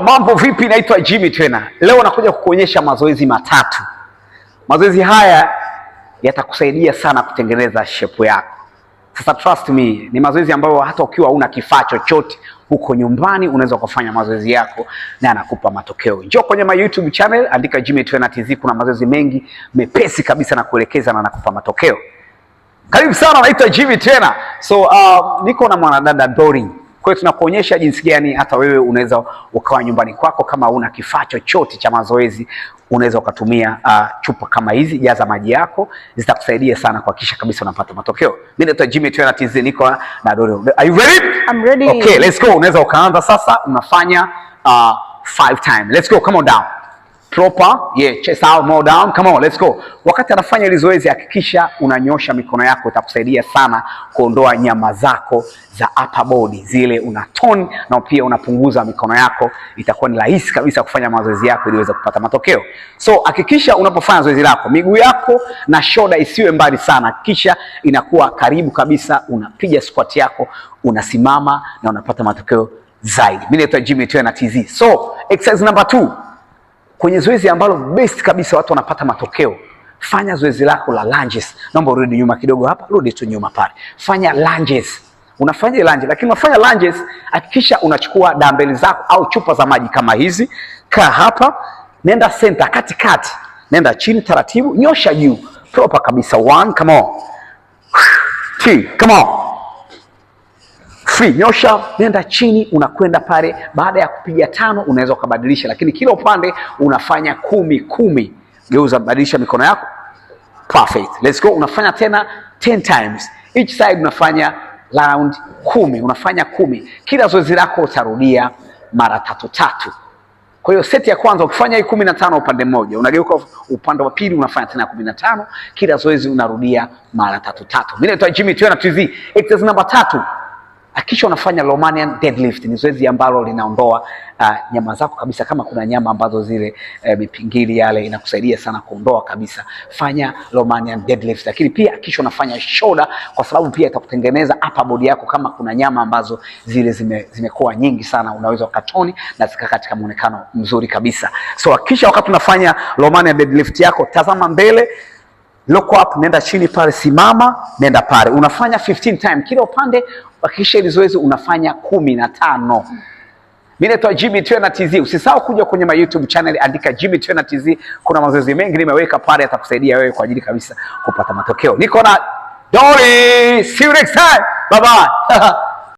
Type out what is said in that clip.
mambo vipi? Naitwa Jimmy tena Leo nakuja kukuonyesha mazoezi matatu. Mazoezi haya yatakusaidia sana kutengeneza shepu yako. Sasa trust me, ni mazoezi ambayo hata ukiwa una kifaa chochote huko nyumbani unaweza kufanya mazoezi yako na anakupa matokeo. Njoo kwenye my YouTube channel, andika Jimmy Trainer TZ, kuna mazoezi mengi mepesi kabisa na kuelekeza na nakupa matokeo. Karibu sana, naitwa Jimmy Trainer. So uh, niko na mwanadada Dori kwa hiyo tunakuonyesha jinsi gani hata wewe unaweza ukawa nyumbani kwako kama una kifaa chochote cha mazoezi unaweza ukatumia uh, chupa kama hizi, jaza maji yako, zitakusaidia sana kuhakikisha kabisa unapata matokeo. Mimi naitwa Jimmy Twena TZ, niko na Dodo. Are you ready? I'm ready. Okay, let's go. Unaweza ukaanza sasa, unafanya uh, five time. Let's go. Come on down. Tropa, yeah, chest out, more down. Come on, let's go. Wakati anafanya hili zoezi hakikisha unanyosha mikono yako, itakusaidia sana kuondoa nyama zako za upper body zile una tone, na pia unapunguza mikono yako, itakuwa ni rahisi kabisa kufanya mazoezi yako ili uweze kupata matokeo. So hakikisha unapofanya zoezi lako, miguu yako na shoda isiwe mbali sana, hakikisha inakuwa karibu kabisa, unapiga squat yako, unasimama na unapata matokeo zaidi. Mimi naitwa Jimmy Tena TZ. So exercise number two kwenye zoezi ambalo best kabisa watu wanapata matokeo, fanya zoezi lako la lunges. Naomba urudi nyuma kidogo hapa, rudi tu nyuma pale, fanya lunges. Unafanya lunge, lakini unafanya lunges, hakikisha unachukua dambeli zako au chupa za maji kama hizi. Kaa hapa, nenda center, katikati, nenda chini taratibu, nyosha juu proper kabisa. One, come on. Two, come on free. Nyosha, nenda chini, unakwenda pale. Baada ya kupiga tano unaweza ukabadilisha, lakini kila upande unafanya kumi kumi. Geuza, badilisha mikono yako. Perfect. Let's go. Unafanya tena 10 times. Each side unafanya round kumi, unafanya kumi. Kila zoezi lako utarudia mara tatu tatu. Kwa hiyo seti ya kwanza ukifanya hii kumi na tano upande mmoja, unageuka upande wa pili unafanya tena kumi na tano. Kila zoezi unarudia mara tatu tatu. Mimi naitwa Jimmy Twena TV. Exercise namba tatu. Hakikisha unafanya Romanian deadlift. Ni zoezi ambalo linaondoa uh, nyama zako kabisa, kama kuna nyama ambazo zile uh, mipingili yale inakusaidia sana kuondoa kabisa, fanya Romanian deadlift. Lakini pia hakikisha unafanya shoulder, kwa sababu pia itakutengeneza upper body yako. Kama kuna nyama ambazo zile zime, zimekuwa nyingi sana, unaweza ukatoni na zika katika muonekano mzuri kabisa. So hakikisha wakati unafanya Romanian deadlift yako, tazama mbele look up, nenda chini pale, simama, nenda pale, unafanya 15 time kila upande. Hakikisha hili zoezi unafanya kumi na tano. Mimi naitwa Jimmy Trainer TZ. Usisahau kuja kwenye my YouTube channel, andika Jimmy Trainer TZ. Kuna mazoezi mengi nimeweka pale, atakusaidia wewe kwa ajili kabisa kupata matokeo. Niko na Dori, see you next time, bye bye.